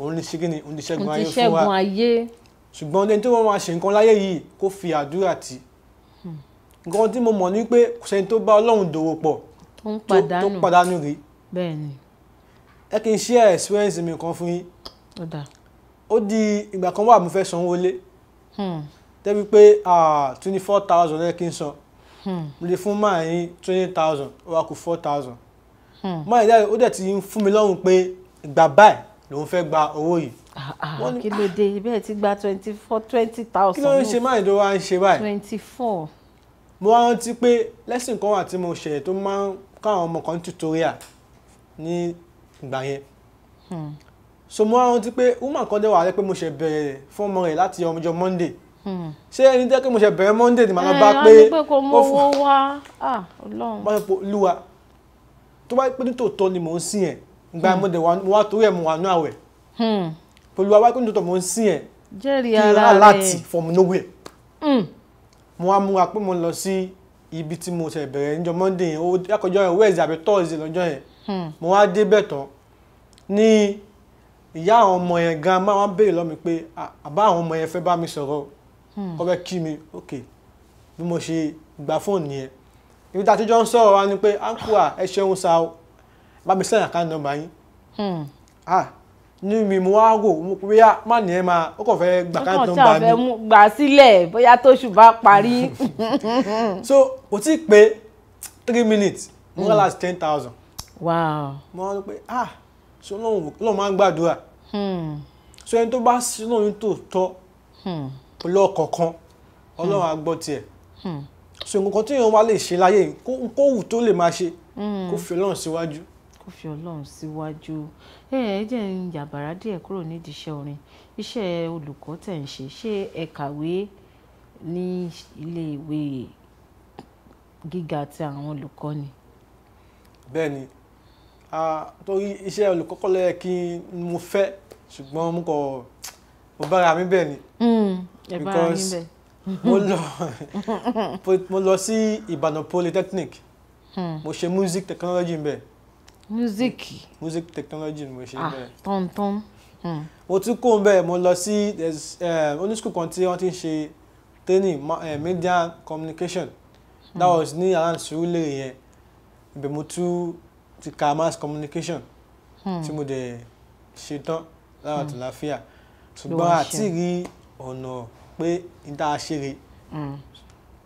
S2: òun ní ṣígínì òun ní ṣẹ́gun ayé fún wa ṣùgbọ́n ẹni tó wọ́n máa ṣe nǹkan láyé yìí kó fi àdúrà tì nǹkan tí mo mọ̀ ni pé kò sẹ́ni tó bá ọlọ́run dòwò pọ̀
S1: tó ń pàdánù tó pàdánù rí. bẹ́ẹ̀ni.
S2: ẹ kì í share experience mi kan fún yín. ó dà. ó di ìgbà kan wà mo fẹ́ sanwó lé. débi hmm. pé twenty four thousand ẹ kí n san. Hmm. mo lè fún máa yín twenty thousand ó wá kù four thousand. Hmm. máa yín ó dẹ̀ ti ń fún mi lọ́rùn pé ìgbà báyìí lòun fẹ́ gba owó yìí.
S1: Ah, ah, kí ah. ló dé ibẹ̀ ti gba twenty four twenty thousand. kí ló ń ṣe
S2: máa ìdó wa ń ṣe báyìí.
S1: twenty four.
S2: mo wá rántí pé lẹ́sìn kan wà tí mo ṣe tó máa ń káwọn ọmọ kan tutorial ní ìgbà yẹn hmm. so mo rántí pé woman kan dé wà rẹ pé mo ṣe bẹ̀rẹ̀ fún ọmọ rẹ̀ láti ọjọ́ monday hmm. ṣé ẹni tẹ́ pé mo ṣe bẹ̀rẹ̀ monday ni màá bá eh, pé ó fún
S1: ah, un
S2: bá pé olúwa tó bá pé nítòótọ́ ni mò ń sìn ẹ̀ gba hmm. mo dẹ̀ wá torí ẹ̀ mo wà ní àwẹ̀ olúwa wá pé nítòótọ́ mò ń sìn ẹ̀
S1: kí n rà láti
S2: from nowhere mo wá múra pé mo lọ sí. Si, ibi tí mo ṣe bẹ̀rẹ̀ níjọ monday yẹn ó lákọjọ́ yẹn wednesday àbí thursday lọ́jọ́ yẹn hmm. mo wá débẹ̀ tán ní ìyá àwọn ọmọ yẹn gan máa wá béèrè lọ́mi pé àbá àwọn ọmọ yẹn fẹ́ bá mi sọ̀rọ̀ kọ́ hmm. fẹ́ kí mi ok bí mo ṣe gba fóònù yẹn ibi tá a ti jọ ń sọ̀rọ̀ wa ni pé uncle ẹ ṣeun sa o bá mi sẹ́yìn àkáǹdì nọ́mbà yín ah ní mi mo wá wò bóyá má ní ẹ máa ó kàn fẹ́ gbà ká tó ń bá mi. ó kàn tí a
S1: gbà sílẹ̀ bóyá tóṣù bá parí.
S2: so kò tí ì three minutes mo rà hmm. láti ten thousand. wow. mo wá ló pé ah so lóun lóun máa ń gbàdúrà. Hmm. so ẹni tó bá lóun tó tọ́ hmm. lọ́ọ̀kọ̀ọ̀kan ọlọ́run á gbọ́ tiẹ̀. so nǹkan tí èèyàn wá lè ṣe láyé kó wù tó lè máa ṣe kó fi ọlọ́run síwájú kò fi
S1: Ọlọ́run síwájú ẹ ẹ jẹ́ ń yàbàrá díẹ̀ kúrò nídìí iṣẹ́ orin iṣẹ́ olùkọ́ tẹ̀ ń ṣe ṣé ẹ kàwé ní ilé ìwé gíga ti àwọn olùkọ́ ni.
S2: bẹ́ẹ̀ni torí iṣẹ́ olùkọ́ kọ́ lẹ́yẹ kí mo fẹ́ ṣùgbọ́n mo kọ mo bára mi bẹ́ẹ̀ ni. Hmm, ẹ bára yín bẹ́ẹ̀. mo lọ sí Ìbàdàn Polytechnic hmm. mo ṣe music technology ń bẹ́ẹ̀
S1: músíkì.
S2: music technology ni mo ṣe ah, bẹ́ẹ̀.
S1: tọ̀ntọ̀n. Hmm.
S2: mo tún kó bẹ́ẹ̀ mo lọ sí eh, oníṣùkú kan tí wọ́n ti ń ṣe training eh, media communication that hmm. was ní around Surulere yẹn ibẹ̀ mo tún ti ka mass communication hmm. tí mo dẹ̀ ṣe tán láwọn tó láfíà ṣùgbọ́n àti rí ọ̀nà pé ìdá ṣeré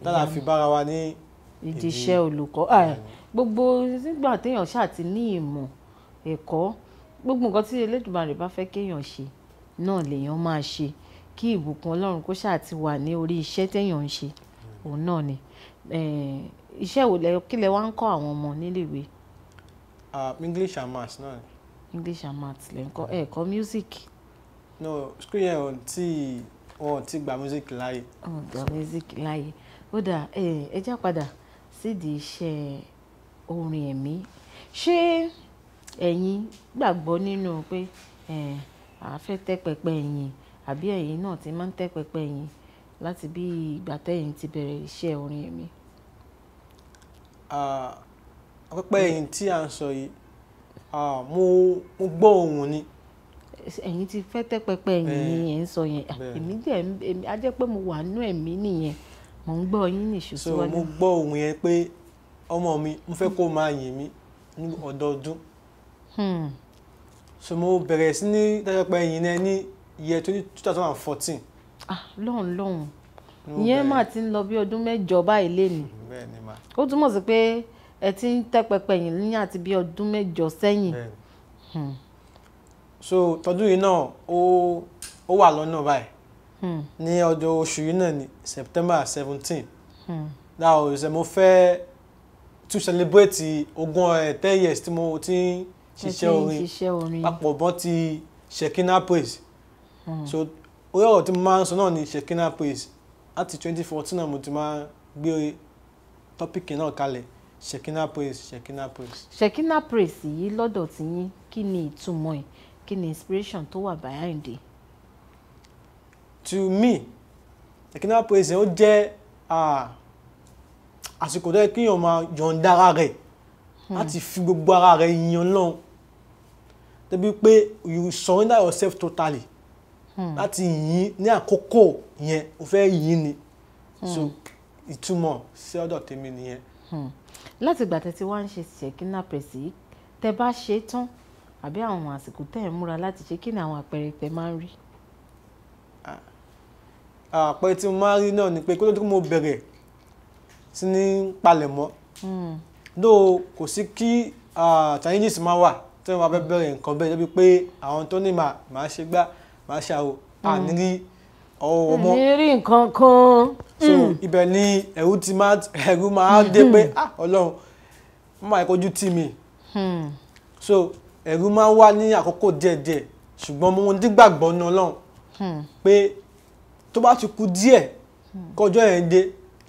S2: dára fi bára wa ní ìdíṣẹ́ olùkọ́ ah,
S1: gbogbo nígbà téèyàn ṣáà ti ní ìmọ̀ ẹ̀kọ́ gbogbo nǹkan tí Elédùmarè bá fẹ́ kéèyàn ṣe náà lèèyàn máa ṣe kí ìbùkún Ọlọ́run kó ṣáà ti wà ní orí iṣẹ́ téèyàn ń ṣe òun náà ni iṣẹ́ wo lẹ kí lẹ wá ń kọ́ àwọn ọmọ níléèwé. English and maths náà. English and maths lè ń kọ́ ẹ kọ́ music. no school yẹn ò
S2: tí wọn ò tí gba music láàyè.
S1: gba music láàyè ó dà ẹ ẹ já padà sídìí iṣẹ́ orin ẹ̀mí ṣé ẹ̀yin gbàgbọ́ nínú pé a fẹ́ tẹ́ pẹpẹ ẹ̀yìn àbí ẹ̀yin náà ti máa ń tẹ́ pẹpẹ ẹ̀yìn láti bí ìgbà tẹ́yìn ti bẹ̀rẹ̀ iṣẹ́ orin ẹ̀mí.
S2: pẹpẹ ẹ̀yìn tí a ń sọ yìí
S1: mo gbọ́ ohùn ni ẹ̀yin ti fẹ́ tẹ́ pẹpẹ ẹ̀yin yẹn ń sọ yẹn èmi dẹ̀ èmi á jẹ́ pé mo wà nú ẹ̀mí nìyẹn mò ń gbọ́ yín nìṣó síwájú. so mo
S2: gbọ́ ohùn yẹn pé ọmọ mi mo fẹ́ kó máa yìn mí ní ọdọọdún hmm. so mo bẹ̀rẹ̀ sí ní dájọ́ pé ẹ̀yìn náà ní year twenty two thousand and fourteen.
S1: ah lọ́hùn lọ́hùn ìyẹn mà ti ń lọ bí ọdún mẹ́jọ báyìí lénìí ó túmọ̀ sí pé ẹ ti ń tẹ́ pẹpẹ yìí ní àti bí ọdún mẹ́jọ sẹ́yìn.
S2: Hmm. so tọdún yìí náà ó ó wà lọ́nà báyìí hmm. ní ọjọ́ oṣù yìí náà ní September seventeen. dáhùn ìṣẹ́ mo fẹ́ to celebrate ogún eh, ten years tí mo ti ń ṣiṣẹ́ orin papọ̀ bọ́n ti Shekinah praise hmm. so orí ọ̀rọ̀ tí mo máa ń sọ náà ni Shekinah praise láti twenty fourteen náà mo ti máa gbé tọ́pìkì náà kalẹ̀ Shekinah praise Shekinah praise.
S1: Shekinah praise yìí lọ́dọ̀ tí yín kí ni ìtumọ̀ ẹ̀ kí ni inspiration tó wà behind it.
S2: to me Shekinah praise ó jẹ́. Uh, àsìkò tó yẹ kí èèyàn máa yọ̀ǹda ara rẹ̀ láti fi gbogbo ara rẹ̀ yan náà débi pé you surrender yourself totally láti yìn ní àkókò yẹn o fẹ́ yìn ni so ìtumọ̀
S1: sí ọ̀dọ̀ tèmi nìyẹn. Hmm. láti ìgbà tẹ́ ti wá ń ṣe ṣèkínà pẹ̀sì tẹ́ bá ṣe tán àbí àwọn àsìkò tẹ́ ẹ̀ ń múra láti ṣe kí ni àwọn àpẹẹrẹ tẹ́ máa ń rí.
S2: àpẹẹrẹ tí mo máa rí náà ni pé kó tó tó mo bẹ̀rẹ̀ ti ní palẹ̀mọ́ dó hmm. kò sí kí ah, challenges máa wà tí wọ́n bá fẹ́ hmm. bẹ̀rẹ̀ nǹkan bẹ́ẹ̀ débi pé àwọn tó ní màá ṣe gbá màá ṣàwò àní hmm. rí ọwọ́ mọ́.
S1: nǹkan kan. so
S2: ibẹ̀ ni ẹ̀rù ti máa ẹ̀rù máa dé pé ah ọlọ́run mo máa kojú tì mí. so ẹ̀rù máa wà ní àkókò díẹ̀díẹ̀ ṣùgbọ́n mo ń dígbàgbọ́ ní ọlọ́run pé tó bá ti kù díẹ̀ kọjọ́ yẹn dé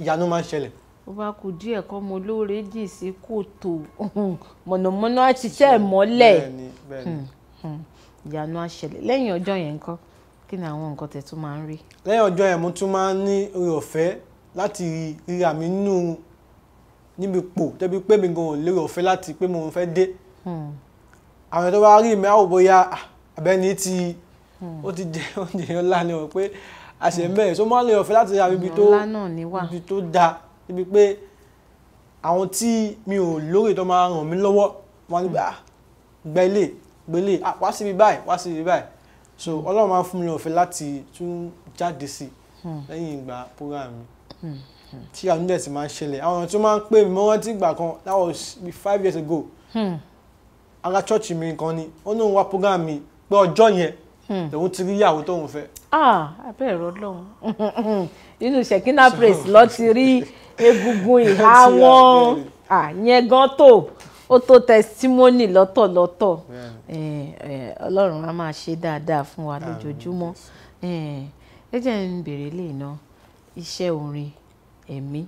S2: ìyanu máa ń ṣẹlẹ̀
S1: ó bá kù díẹ̀ kọ́ mo lóore jì sí kòtò mọ̀nàmọ́ná àṣìṣe mọ́lẹ̀ ìyanu àṣẹlẹ̀ lẹ́yìn ọjọ́ yẹn ńkọ́ kí ni àwọn nǹkan tẹ̀ tún máa ń rí.
S2: lẹ́yìn ọjọ́ yẹn mo tún máa ń ní oore ọ̀fẹ́ láti ríra mi nínú níbi pò débi pé mi gan-an lérò ọ̀fẹ́ láti pé mo fẹ́ dé àwọn tó bá rí mi àwò bóyá ah, abẹ́ni ti ó ti jẹ oúnjẹ yẹn ńlá ni wọ́n pé àṣẹ mẹ́rin tó máa ń lérò ọ̀fẹ́ láti ra ibi tó da níbi pé àwọn tí mi ò lórí tó máa ràn mí lọ́wọ́ wọ́n ní ah gbẹ́lé gbẹ́lé ah, wá síbi báyìí wá síbi báyìí so ọlọ́run máa fún mi ọ̀fẹ́ láti tún jáde sí hmm. lẹ́yìn ìgbà program mi hmm. tí àwọn onídẹ̀ sì máa ń ṣẹlẹ̀ àwọn tó máa ń pè mí mọ́wọ́n tí ìgbà kan that was five years ago hmm. ara church mi kan ni ó ní òun wá program mi pé ọjọ́ yẹn lòun ti rí ìyàwó tóun fẹ́.
S1: ah abẹ́rẹ́ ọlọ́run inú Shekinah praise lọ́ọ́ ti rí egungun ìhà wọn yẹn gan tó ó tó testimony lọ́tọ̀lọ́tọ̀ ọlọ́run á máa ṣe dáadáa fún wa lójoojúmọ́ ẹ jẹ́ ń béèrè lè ná iṣẹ́ orin ẹ̀mí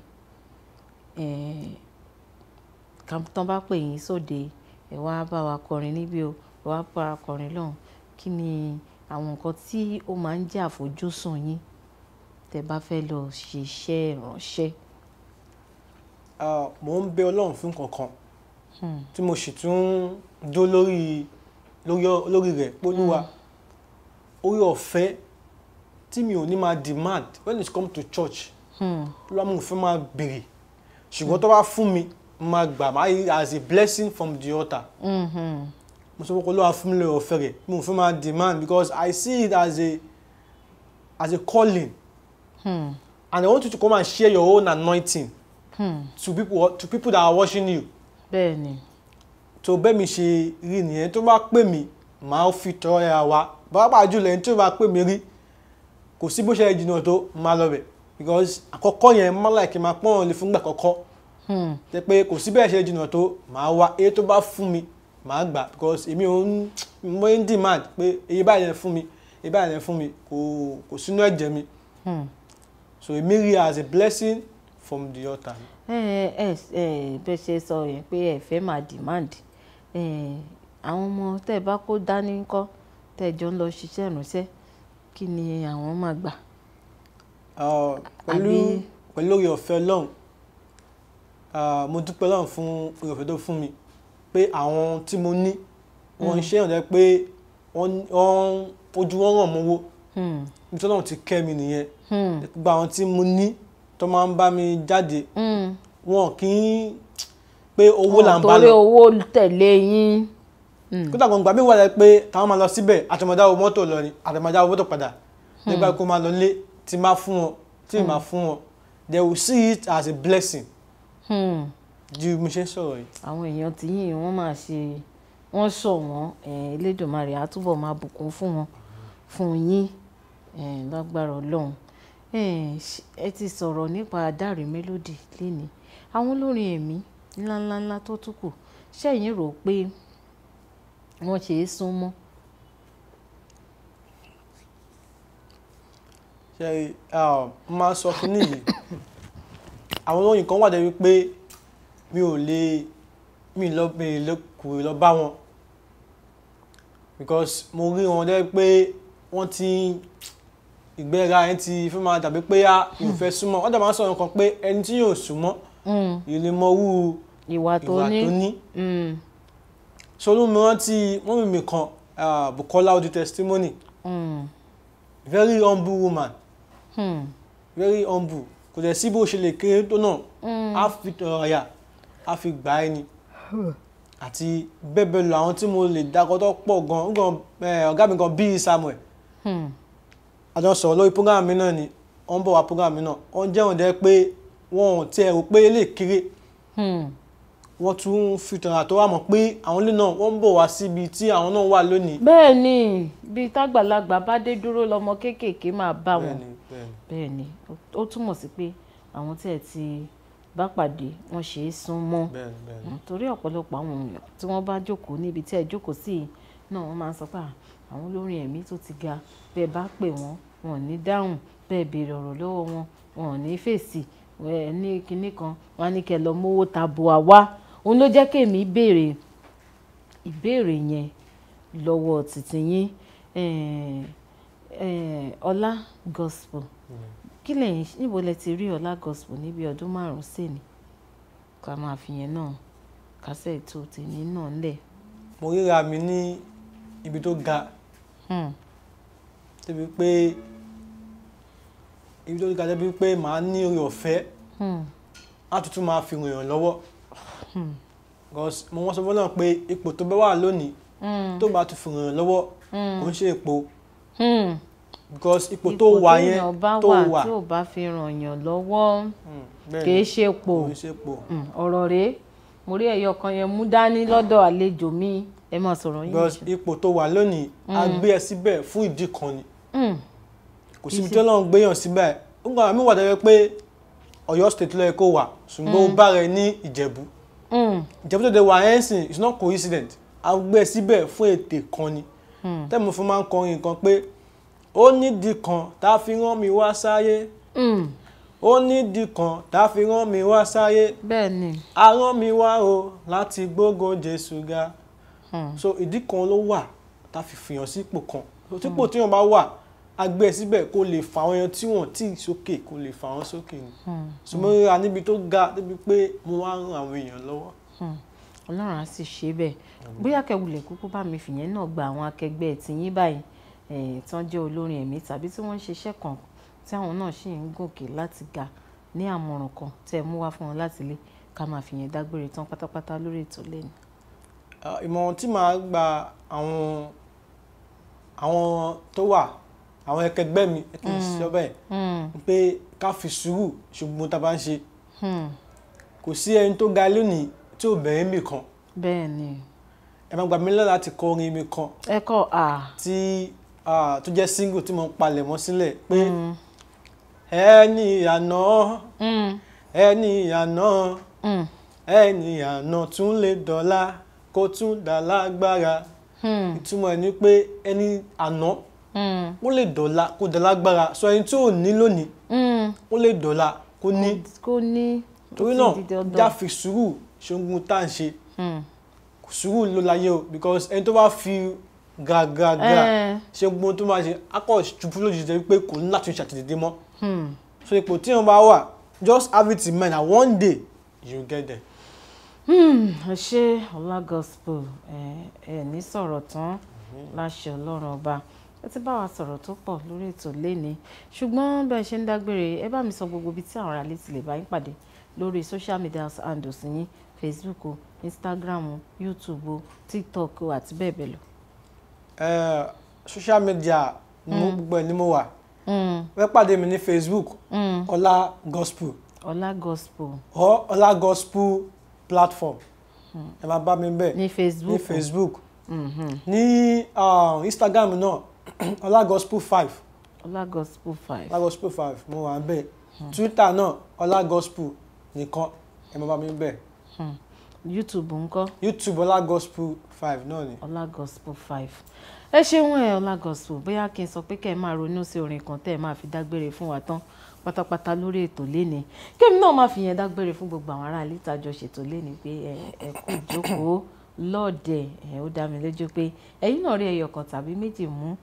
S1: tán bá pè yín sóde ẹ wá bá wa kọrin níbi o ẹ wá bá wa kọrin lọ́hùn kí ni àwọn nǹkan tí ó máa ń jẹ́ àfojúsùn yín tẹ́ bá fẹ́ lọ ṣiṣẹ́ ìránṣẹ́
S2: mò ń bẹ ọlọ́run fún kankan
S1: hmm. tí mo sì tún dó
S2: lórí lórí rẹ̀ pólúwa hmm. orí ọ̀fẹ́ tí mi ò ní máa demand when it come to church pólúwa hmm. mo fẹ́ máa béèrè ṣùgbọ́n tó bá fún mi máa gbà máa yí as a blessing from the altar
S3: mo
S2: sọ pé olúwa fún mi lórí ọ̀fẹ́ rẹ̀ mo fẹ́ máa demand because I see it as a as a calling hmm. and I want you to come and share your own anointing Hmm. to people to people that are watching you. bẹ́ẹ̀ni. tó bẹ́ẹ̀ mi ṣe rí nìyẹn tó bá pè mí màá fi tọrẹ àwa pàápàá jùlọ ẹni tó bá pè mí rí kò sí bó ṣe é jìnnà tó máa lọ bẹ̀ because àkọ́kọ́ yẹn má láìkí máa pọ́n lè fúngbà kọ́kọ́ hmm. jẹ́ pé kò sí bẹ́ẹ̀ ṣe é jìnnà tó màá wá èyí tó bá fún mi màá gbà because èmi ò ń mo ń demand pé èyí báyìí yẹn fún mi èyí báyìí yẹn fún mi kò kò sínú ẹ̀jẹ̀ mi hmm. so èmi as a blessing from the altar.
S1: ẹ ẹ ẹ bẹ ṣe sọ yẹn pé ẹ fẹ́ máa demand àwọn ọmọ tẹ́ bá kó dání ńkọ́ tẹ́ jọ ń lọ ṣiṣẹ́ ìránṣẹ́ kí ni àwọn máa gbà.
S2: pẹ̀lú pẹ̀lú oore ọ̀fẹ́ Ọlọ́run mo dúpẹ́ Ọlọ́run fún oore ọ̀fẹ́ tó fún mi pé àwọn tí mo ní wọ́n ń mm. ṣe ìrànlẹ́ pé wọ́n ojú wọn ràn mọ́wọ́ hmm. nítorí Ọlọ́run ti kẹ́ mi nìyẹn hmm. gba àwọn tí mo ní tó máa ń bá mi jáde mm. wọn kì í pé owó là ń bá lọ
S1: owó tẹ̀lé yín.
S3: Mm. kódà
S2: gbọ̀ngbà mi wà láì pé táwọn máa lọ síbẹ̀ àtọmọdá owó mọ́tò lọ ni àtọmọdá owó mọ́tò padà nígbà mm. kó máa lọ lé tí máa fún wọn tí máa fún wọn they will see it as a blessing.
S1: ju mo ṣe sọ̀rọ̀ yìí. àwọn èèyàn ti yìn wọ́n máa ṣe wọ́n sọ wọ́n Elédùmarè á túbọ̀ máa bùkún fún wọn fún yín lágbára Ọlọ́run ẹ ti sọ̀rọ̀ nípa Dáre Melody lénìí àwọn olórin ẹ̀mí ńláńláńlá tó tún kù ṣẹ́yìn rò pé wọ́n ṣe é sún mọ́.
S2: ṣe máa sọ fún nìyí àwọn olóyìn kan wà débi pé mi ò lè mi lọ mi lè kù lọ bá wọn because mo rí wọn débi pé wọ́n ti ń ìgbéra ẹni ti fẹ́ máa dàbí pé á yóò hmm. fẹ́ súnmọ́ wọ́n dàbí máa sọ̀rọ̀ kan pé ẹni tí yóò súnmọ́ hmm. ìlímọ̀wú ìwà tó ní. Hmm. solú mi rántí mọ́mí mi kan Bukola odi testimony very humble woman very humble kò dẹ̀ sí bó ṣe lè kéré tó náà á fi tọrọ ya á fi gbà ẹ́ ni àti bẹ́ẹ̀ bẹ́ẹ̀ lọ àwọn tí mo lè dákọ́ tó pọ̀ gan ọ̀gá mi gan bíi Samuel àjọsọ lórí program mi náà ni wọ́n bọ̀ wá program mi náà wọ́n jẹ́ òǹdẹ́ pé wọn ò tiẹ̀ rò pé lè kéré hmm. wọ́n tún fi tọ̀nà tó wà mọ̀ pé àwọn ilé náà wọ́n ń bọ̀ wá síbi tí àwọn náà wà lónìí.
S1: bẹ́ẹ̀ ni bí tágbàlagbà bá dé dúró lọ́mọ kéékèèké máa bá wọn bẹ́ẹ̀ ni ó túmọ̀ sí pé àwọn tí ẹ ti bá pàdé wọn ṣe é sún mọ́
S3: hmm,
S1: torí ọ̀pọ̀lọpọ̀ àwọn èèyàn tí wọ́n bá jókòó níbi tí ẹ jókòó sí i náà wọ́n máa ń sọ pé àwọn olórin ẹ̀mí tó ti ga bẹ́ẹ̀ bá pè wọ́n wọn ò ní dáhùn bẹ́ẹ̀ béèrè ọ̀rọ̀ lọ́wọ́ wọn wọn ò ní fèsì ní kinní kan wọn á ní kẹ́ lọ mówó tabua wá òun ló jẹ́ kémi béèrè ìbéèrè yẹn lọ́wọ́ títí yín ọlá gospel kí lẹ́yìn níbo lẹ ti rí ọlá gospel níbi ọdún márùn-ún sẹ́ni ká máa fi yẹn náà kásẹ̀ tó tèmi náà lẹ̀. mo ríra mi ní ibi tó ga hmm. débi pé
S2: ibi tó ga débi pé màá ní orí ọ̀fẹ́ láti hmm. tún máa fi ràn yàn lọ́wọ́ hmm. because mo wọ́n sọ fún náà pé ipò tó bẹ́ wà lónìí tó bá tún fi ràn yàn lọ́wọ́ kò ń ṣe ipò because ipò tó wà yẹn tó wà tó
S1: bá fi ràn lọ́wọ́ kì ṣe ipò ọ̀rọ̀ rèé mo rí ẹ̀yọ̀ kan yẹn mú dání lọ́dọ̀ àlejò mi ẹ máa sọ̀rọ̀ yín. because
S2: ipò tó wà lónìí a mm. gbé ẹ síbẹ̀ fún ìdí kan ni mm. kò síbi tí Ọlọ́run gbé yàn síbẹ̀ nígbà mi wà dájọ́ pé Ọ̀yọ́ state ló yẹ kó wà ṣùgbọ́n ó mm. bára ẹ ní Ìjẹ̀bú Ìjẹ̀bú tó dé wà ẹ́ sìn it's not coincident a gbé ẹ síbẹ̀ fún ètè kan ni tẹ́mi fún máa ń kọrin nǹkan pé ó nídìí kan tá a fi rán mi wá sáyé ó nídìí kan tá a fi rán mi wá sáyé. bẹ́ẹ̀ ni. a rán mi wá o láti gbógun Jésù ga. Hmm. so ìdí kan ló wà tá a fi fìyàn sípò kan sípò hmm. tí wọn bá wà a gbé ẹ e síbẹ̀ kó lè fà wọn yan tí wọn tí ì sókè kó lè fà wọn sókè ni ṣùgbọ́n hmm. rírà níbi tó ga débi pé mo wá ń ran àwọn èèyàn lọ́wọ́.
S1: ọlọ́run á sì ṣe bẹ́ẹ̀ bóyá kẹwulẹ̀ kúkú bá mi fìyẹn náà gba àwọn akẹgbẹ́ ti yín báyìí tán jẹ́ olórin ẹ̀mí tàbí tí wọ́n ń ṣiṣẹ́ kan tí àwọn náà sì ń gòkè láti ga ní àmọ̀ràn kan tẹ́ ẹ mú wá fún wọn láti lé ká máa fìyẹn dágbére tán pátápátá lórí ètò
S2: Ah, ìmọ̀ràn tí màá gba
S1: àwọn àwọn tó wà àwọn ẹkẹgbẹ́ mi hmm.
S3: ẹ kì hmm.
S2: pé ká fi sùúrù ṣùgbọ́n tá a bá ń ṣe hmm. kò sí ẹni tó ga lónìí tí ò bẹ̀rẹ̀ mi kan bẹ́ẹ̀ni ẹ máa gbà mí lọ́la láti kọ orin mi kan ẹ kọ a tí tó jẹ́ single tí mo ń palẹ̀ mọ́ sílẹ̀ pé ẹni àná ẹni àná ẹni àná tún lè dọ́là kó tún dà lágbára hmm. ìtumọ̀ ẹ̀ ni pé ẹni àná hmm. ó lè dọ̀la kó dà lágbára sọ ẹni tí ò ní lónìí hmm. ó lè dọ̀la kó ní torí náà já fi sùúrù ṣoògùn tá à ń ṣe sùúrù ló láyé o because ẹni tó bá fi gàgàgà eh. ṣe gbogbo tó máa ṣe akọ ṣubú lójijì tẹbi pé kò ní láti ṣàtìdédé mọ́ so ipò tí wọn bá wà just have it in mind that one day you get there.
S1: Hmm, ẹ ṣe ọlá gospel ẹ ní sọ̀rọ̀ tán mhm. láṣẹ ọlọ́run ọba ẹ ti bá wa sọ̀rọ̀ tó pọ̀ lórí ètò léni ṣùgbọ́n bẹ́ẹ̀ ṣe ń dágbére ẹ bá mi sọ gbogbo ibi tí àwọn ará létí lè bá yín pàdé lórí social media handles yín facebook o instagram o youtube o tiktok àti bẹ́ẹ̀ bẹ́ẹ̀ lọ. social media hmm. gbogbo ẹ̀ ni mo wà
S2: wẹ́ hmm. pàdé mi ní facebook ọlá gospel ọlá gospel ọlá gospel platform ẹ máa bá mi bẹ́ẹ̀ ní facebook ní facebook mhm. ní ah, instagram náà Gospel five Gospel five Gospel five mo wà bẹ́ẹ̀ twitter náà ọlágospel nìkan
S1: ẹ máa bá mi bẹ́ẹ̀. Hmm. youtube ńkọ́. youtube ọlágospel five náà ni. Gospel five ẹ ṣeun ẹ ọlágospel bóyá kí n sọ pé kẹ́ ẹ máa ronú sí orin kan tẹ́ ẹ máa fi dágbére fún wa tán pátápátá lórí ètò léni kémi náà máa fi yẹn dágbére fún gbogbo àwọn ará ìlítà jọ ṣètò léni pé ẹ ẹ kú ìjókòó lọ́ọ̀dẹ̀ ẹ ó dá mi lójú pé ẹ̀yin náà rí ẹyọ kan tàbí méjì mú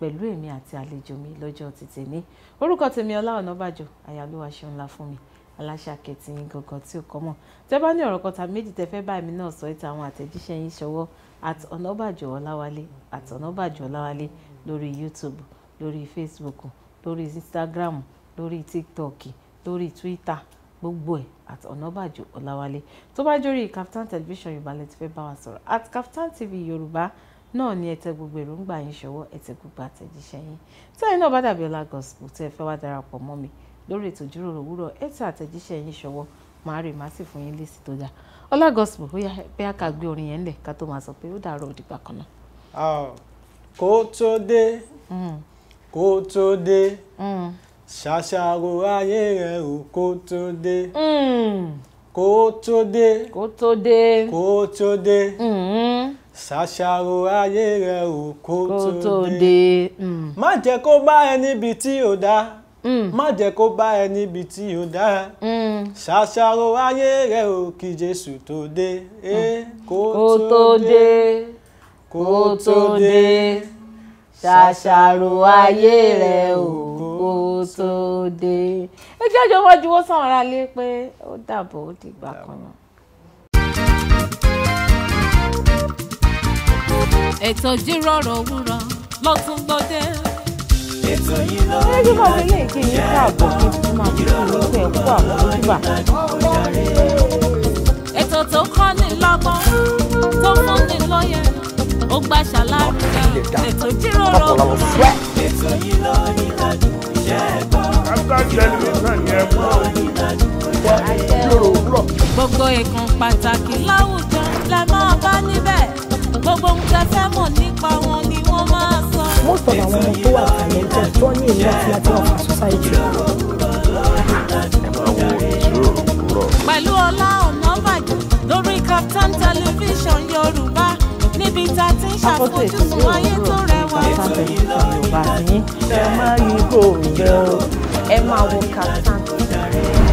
S1: pẹ̀lú èmi àti àlejò mi lọ́jọ́ ti tèmi orúkọ tèmi Ọlá Ọ̀nàbàjọ àyálùwà ṣeun ńlá fún mi aláṣà kẹtìyìn gangan tí ó kọ mọ̀ tẹ́ bá ní ọ̀rọ̀ kan méjì tẹ́ fẹ́ bá náà sọ ìta àwọn àtẹ̀jíṣẹ́ yín ṣọwọ́ at Ọ̀nàbàjọ Ọláwálé at Ọ̀nàbàjọ Ọláwálé lórí YouTube lórí Facebook lórí Instagram lórí tiktok lórí twitter gbogbo ẹ̀ at ọ̀nàbàjò ọ̀làwálé tó bá jórí Kaftan television yorùbá lẹ ti fẹ́ bá wa sọ̀rọ̀ at captain TV yorùbá náà ni ẹ̀tẹ̀ gbogbo èròǹgbà yín ṣọwọ́ ẹ̀tẹ̀ gbogbo àtẹ̀jíṣẹ́ yín tẹ́yìn náà bá dàbí ọlá gospel tẹ́ ẹ fẹ́ wá darapọ̀ mọ́ mi lórí ètò ìjíròrò òwúrọ̀ ẹ̀tẹ̀ àtẹ̀jíṣẹ́ yín ṣọwọ́ màá rè má sì fún yín lésì tó dáa ọlá gospel ó yá pé a kà gbé orin yẹn lẹ̀ ká tó máa sọ pé ó dàrọ̀ òdìgbà kan náà.
S2: kó tó dé hmm. kó tó dé hmm ṣàṣàrò ayé rẹ ò hmm. kó tó dé. kó tó dé. kó tó dé. Hmm. kó tó dé. ṣàṣàrò ayé rẹ ò kó tó dé. má jẹ́ kó bá ẹ níbi tí ò dáa má jẹ́ kó bá ẹ níbi tí ó dára hmm. ṣàṣàrò ayé rẹ ò kí jésù tó dé kó tó dé
S1: kó tó dé ṣàṣàrò ayé rẹ ò tó dé ẹ jẹ́ àjọ wọn juwọ́ sáwọn aráalé pé ó dàbọ̀ ó dìgbà kan náà. ètò ìjíròrò òwúrọ̀ ló ètò yìí ló ń yọ ọ́ ilé ìgbé yìí káàbọ̀ kí máa fi ìlú pẹ̀ kú àbójúbà. ètò tó kọ́ ni lọ́gbọ́n tó fún ni lóye ó gbà ṣàlàyé ètò jíròrò ètò yìí lọ ẹ̀kọ́ gbogbo ìkan pàtàkì láwùjọ la máa bá níbẹ̀ gbogbo ohun tẹ́ mọ̀ nípa wọn ni wọ́n máa sọ. most of àwọn ọmọ tó wà tàlẹ́jọ tó ní ìlú àti àti ọ̀fà society. pẹ̀lú Ọlá Ọ̀nàbàjọ lórí Kaftan television Yorùbá ibi tá a ti ń ṣàfojúsùn ayé tó rẹwà. Kàtàǹtì Yorùbá ní ẹ máa yí kò jẹ́ o, ẹ máa wo kàtàǹtì.